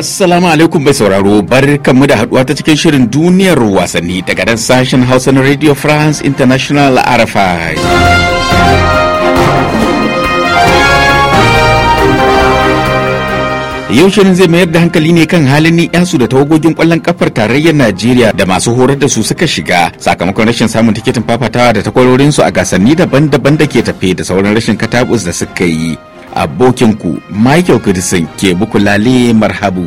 Assalamu alaikum bai sauraro barkanmu da haduwa ta cikin shirin duniyar wasanni daga dan sashen Hausa na Radio France International RFI. Yau shirin zai mayar da hankali ne kan halin yansu da tawagogin kwallon kafar tarayyar Najeriya da masu horar da su suka shiga sakamakon rashin samun tiketin fafatawa da takwarorinsu a gasanni daban-daban da ke tafe da sauran rashin katabus da suka yi. abokinku michael kudisin ke bukulale marhabu.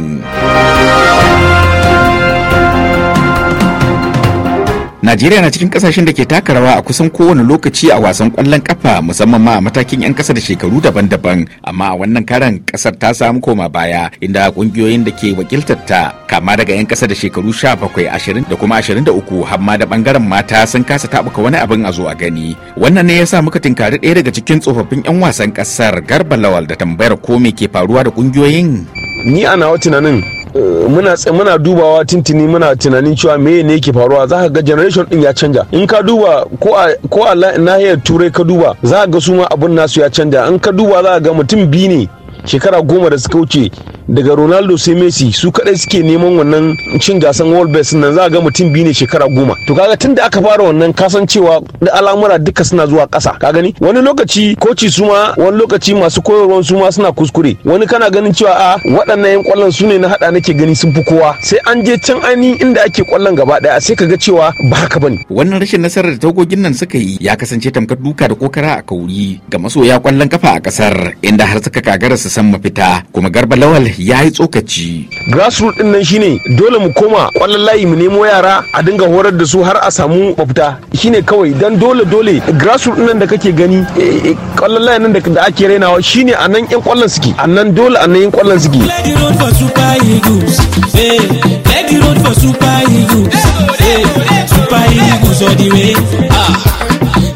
Najeriya na cikin kasashen da ke taka rawa a kusan kowane lokaci a wasan kwallon kafa musamman ma a matakin 'yan kasa da shekaru daban-daban amma a wannan karan kasar ta samu koma baya inda kungiyoyin da ke wakiltar kama daga 'yan kasa da shekaru 17 da kuma 23 ma da bangaren mata sun kasa tabuka wani abin a zo a gani wannan ne ya sa muka tinkari ɗaya daga cikin tsofaffin 'yan wasan kasar garba lawal da tambayar ko me ke faruwa da kungiyoyin ni ana nawa tunanin Eh, muna dubawa tintini muna tunanin cewa me ne yake faruwa za ka ga generation din ya canja in ka duba ko a nahiyar turai ka duba za ka ga su ma abun nasu ya canja in ka duba za ka ga mutum biyu ne shekara goma da suka wuce daga ronaldo sai messi su kadai suke neman wannan cin gasan world best nan za ga mutum biyu ne shekara goma to kaga tun da aka fara wannan kasancewa da al'amura duka suna zuwa kasa ka gani wani lokaci koci su ma wani lokaci masu koyarwar su ma suna kuskure wani kana ganin cewa a waɗannan yan kwallon su ne na hada nake gani sun fi kowa sai an je can ainihin inda ake kwallon gaba daya sai ka ga cewa ba haka ba ne. wannan rashin nasarar da tagogin nan suka yi ya kasance tamkar duka da kokara a kauri ga masoya kwallon kafa a kasar inda har suka kagara su san mafita kuma garba lawal ya yi tsokaci. Grassroot din nan shine dole mu koma kwallon layi mu nemo yara a dinga horar da su har a samu mafita shine kawai dan dole dole grassroot din nan da kake gani eh, eh, kwallon layi nan da ake rainawa shine a nan yan kwallon suke a nan dole a nan yan kwallon suke.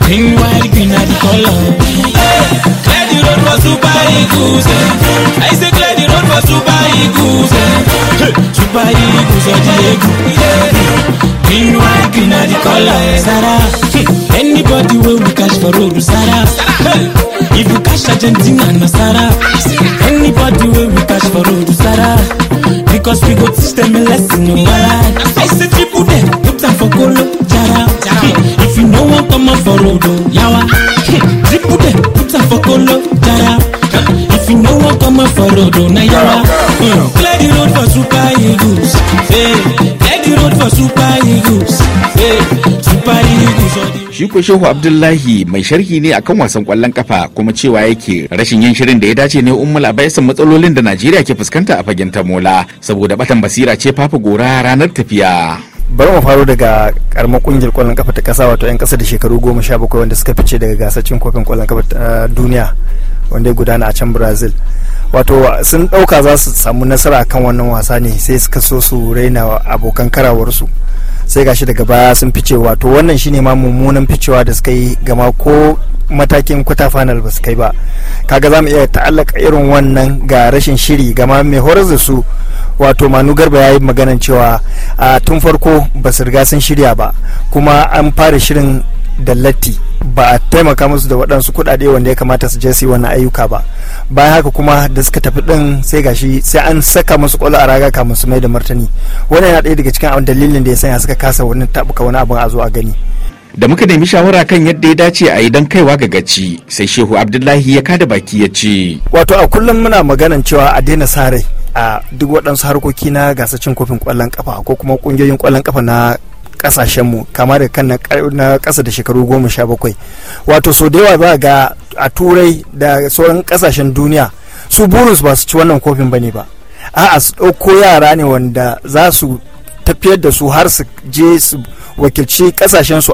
Green, green at the color. Hey, let the road for Super Eagles. I say, color Sarah anybody wey we cash for road Sara? if you catch argentina na Sarah anybody wey we cash for road Sara because we go teach dem lesson no mara i say people dem put am for kolo jara if you no wan comot for road oh, yawa people dem put am for kolo jara if you no wan comot for road oh, na yawa clear the road for super eagles clear the road for super eagles. Shi ko Shehu Abdullahi mai sharhi ne akan wasan kwallon kafa kuma cewa yake rashin yin shirin da ya dace ne ummul abaisan matsalolin da Najeriya ke fuskanta a fagen mola saboda batan basira ce fafa gora ranar tafiya. bari mu faro daga karamar kungiyar kwallon kafa ta kasa wato 'yan kasa da shekaru goma sha bakwai wanda suka fice daga gasar cin kofin kwallon kafa ta uh, duniya wanda ya gudana a can brazil wato sun dauka za su samu nasara kan wannan wasa ne sai suka so su raina abokan karawarsu sai gashi daga baya sun fice wato wannan shine ma mummunan ficewa da suka yi gama ko matakin kwata final ba su kai ba kaga za mu iya ta'allaka irin wannan ga rashin shiri gama mai horar da su wato manu garba ya yi maganan cewa tun farko ba su riga sun shirya ba kuma an fara shirin da latti ba a taimaka musu da waɗansu kuɗaɗe wanda ya kamata su je su yi wannan ayyuka ba bayan haka kuma da suka tafi ɗin sai gashi sai an saka musu ƙwallo a raga kamun su mai da martani wannan yana ɗaya daga cikin abin dalilin da ya sanya suka kasa wani taɓuka wani abin a zo a gani da muka nemi shawara kan yadda ya dace a yi don kaiwa ga gaci sai shehu abdullahi ya kada baki ya ce wato a kullum muna maganan cewa a daina sa rai a duk waɗansu harkoki na gasar cin kofin ƙwallon ƙafa ko kuma ƙungiyoyin ƙwallon ƙafa na mu kama da kan na kasa da shekaru goma sha bakwai wato so da yawa za ga a turai da sauran kasashen duniya su burus ba su ci wannan kofin ba a ba a'a su ɗauko yara ne wanda za su tafiyar da su har su je su wakilci kasashen su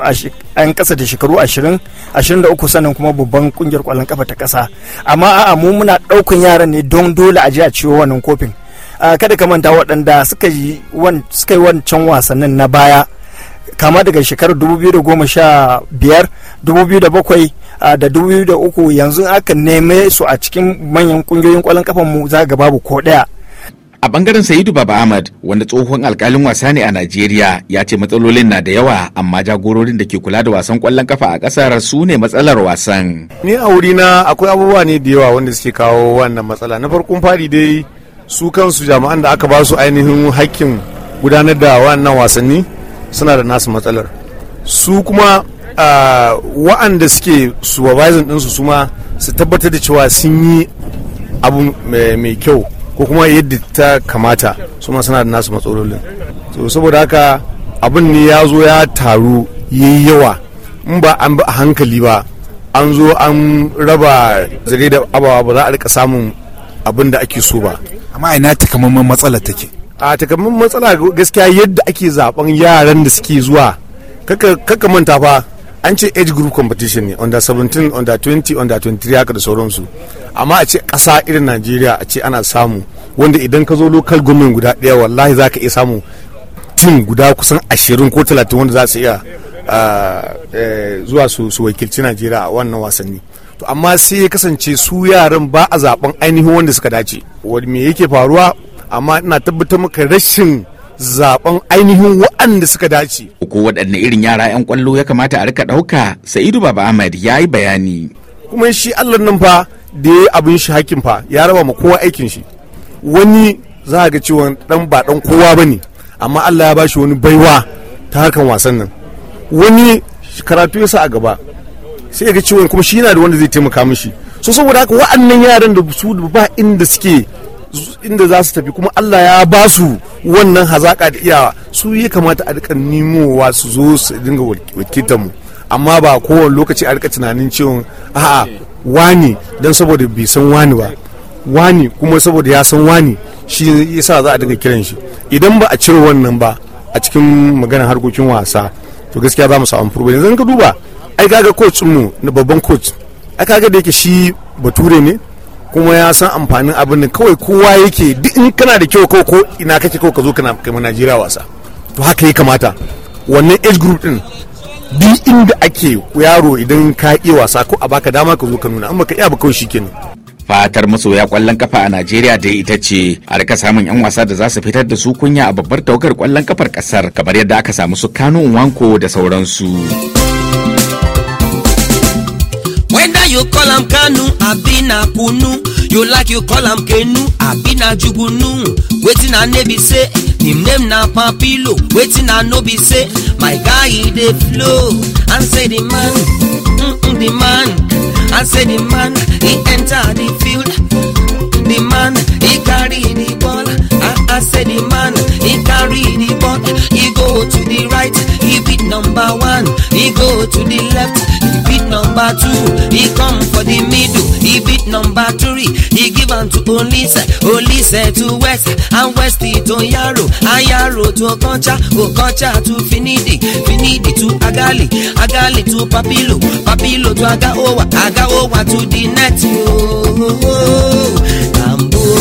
an kasa da shekaru 20 23 sannan kuma babban kungiyar kwallon kafa ta kasa amma a mu muna ɗaukan yaran ne don dole a je a ciwo wannan kofin kada ka manta waɗanda suka yi wancan wasannin na baya kama daga shekarar 2015 2007 da 2003 yanzu aka neme su a cikin manyan kungiyoyin kwallon kafan mu za ga babu ko daya a bangaren sayidu baba ahmad wanda tsohon alkalin wasa ne a najeriya ya ce matsalolin na da yawa amma jagororin da ke kula da wasan kwallon kafa a kasar su ne matsalar wasan ni a wurina akwai abubuwa ne da yawa wanda suke kawo wannan matsala na farkon fadi dai su kansu jami'an da aka ba su ainihin hakkin gudanar da wannan wasanni suna da nasu matsalar su kuma wa'anda suke supervising ɗinsu su ma su tabbatar da cewa sun yi abu mai kyau ko kuma yadda ta kamata su ma suna da nasu matsalolin saboda haka abin ne ya zo ya taru ya yi yawa in ba an ba a hankali ba an zo an raba zare da ababa ba za a rika samun abin da ake so ba amma ina takamaiman matsalar take a takamman matsala gaskiya yadda ake zaben yaran da suke zuwa kaka manta fa an ce age group competition ne under 17 under 20 under 23 haka da sauransu amma a ce ƙasa irin najeriya a ce ana samu wanda idan ka zo lokal gomin guda daya wallahi za ka iya samu tim guda kusan ashirin ko 30 wanda za su iya eh, zuwa su wakilci najeriya a wannan wasanni to amma sai ya kasance su yaran ba a zaben ainihin wanda suka dace wani me yake faruwa amma ina tabbatar maka rashin zaben ainihin waɗanda suka dace. Ko waɗanne irin yara 'yan kwallo ya kamata a rika ɗauka, Sa'idu Baba Ahmad ya yi bayani. Kuma shi Allah nan fa da ya yi abin shi hakin fa ya raba ma kowa aikin shi. Wani za ga cewa ɗan ba ɗan kowa ba ne, amma Allah ya ba wani baiwa ta harkan wasan nan. Wani karatu ya sa a gaba, sai ga cewa kuma shi yana da wanda zai taimaka mishi. So saboda haka waɗannan yaran da su ba inda suke inda za su tafi kuma Allah ya ba su wannan hazaka da iyawa su ya kamata a rika nimowa su zo su dinga wakita mu amma ba kowane lokaci a rika tunanin cewa a'a wani don saboda bai san wani ba wani kuma saboda ya san wani shi yasa za a dinga kiran shi idan ba a cire wannan ba a cikin maganar harkokin wasa to gaskiya za mu samu furba yanzu ka duba ai kaga coach mu na babban coach ai kaga da yake shi bature ne kuma ya san amfanin abin da kawai kowa yake duk in kana da kyau ko ina kake ko ka zo kana kai Najeriya wasa to haka ya kamata wannan age group din duk inda ake yaro idan ka yi wasa ko a baka dama ka zo ka nuna amma ka iya ba kawai shikenan fatar masoya kwallon kafa a Najeriya da ita ce a rika samun yan wasa da za su fitar da su kunya a babbar tawagar kwallon kafar kasar kamar yadda aka samu su Kano Nwanko da sauransu. you call am kanu abi na kunu you like you call am kenu abi na jugunu wetin i know be say him name na papilo wetin i know be say my guy e dey flow and say the man mm -mm, the man and say the man he enter the field the man he carry the ball and ah, i ah, say the man he carry the ball he go to the right he beat number one he go to the left he be number two he come for the middle he beat number three he give am to olise olise to west and west to yaro and yaro to okancha okancha to finidi finidi to agali agali to papilo papilo to agaowa agaowa to the net oh, oh, oh.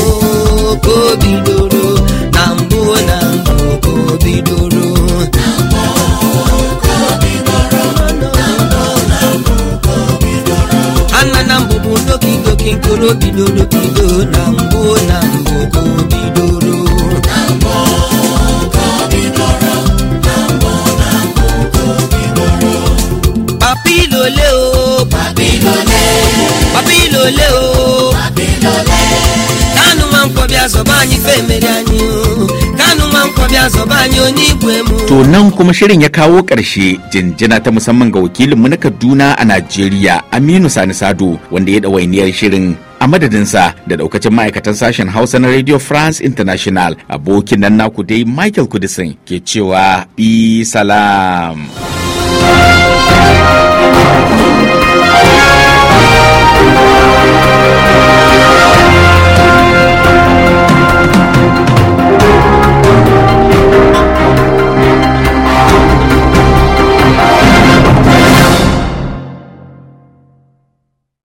bidoro bidoro bido na mbụ na mbụ ka o bidoro papilole o papilole To nan kuma shirin ya kawo ƙarshe jinjina ta musamman ga wakilinmu na Kaduna a Najeriya Aminu Sani Sado wanda ya ɗawainiyar shirin a madadinsa da daukacin ma'aikatan sashen Hausa na Radio France International abokin nan naku dai Michael Kudisin ke cewa bi salam.